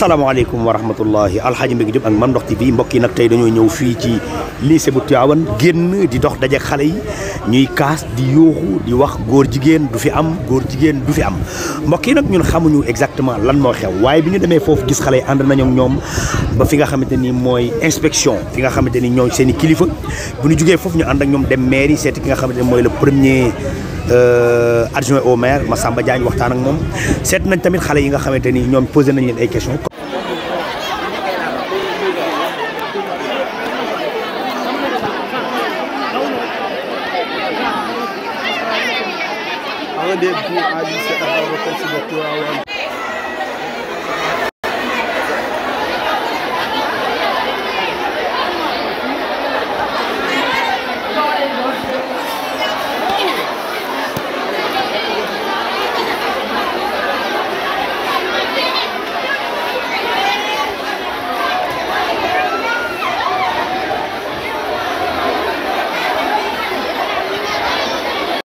salaamaaleykum wa rahmatullahi alxaaji Mbégi Diop ak Mame Ndokh TV mbokk yi nag tey dañoo ñëw fii ci lycée bu Tivaouane génn di dox daje xale yi ñuy kaas di yooxu di wax góor jigéen du fi am góor jigéen du fi am mbokk yi nag ñun xamuñu exactement lan moo xew waaye bi ñu demee foofu gis xale yi ànd nañu ñoom ba fi nga xamante ni mooy inspection fi nga xamante ni ñooy seen i kilifa bu ñu jógee foofu ñu ànd ak ñoom dem mairie seeti ki nga xamante ni mooy le premier Euh, adjoint au maire samba Diagne waxtan ak mom set nañ tamit xalé yi nga xamanteni ñom poser nañ leen ay questions. 17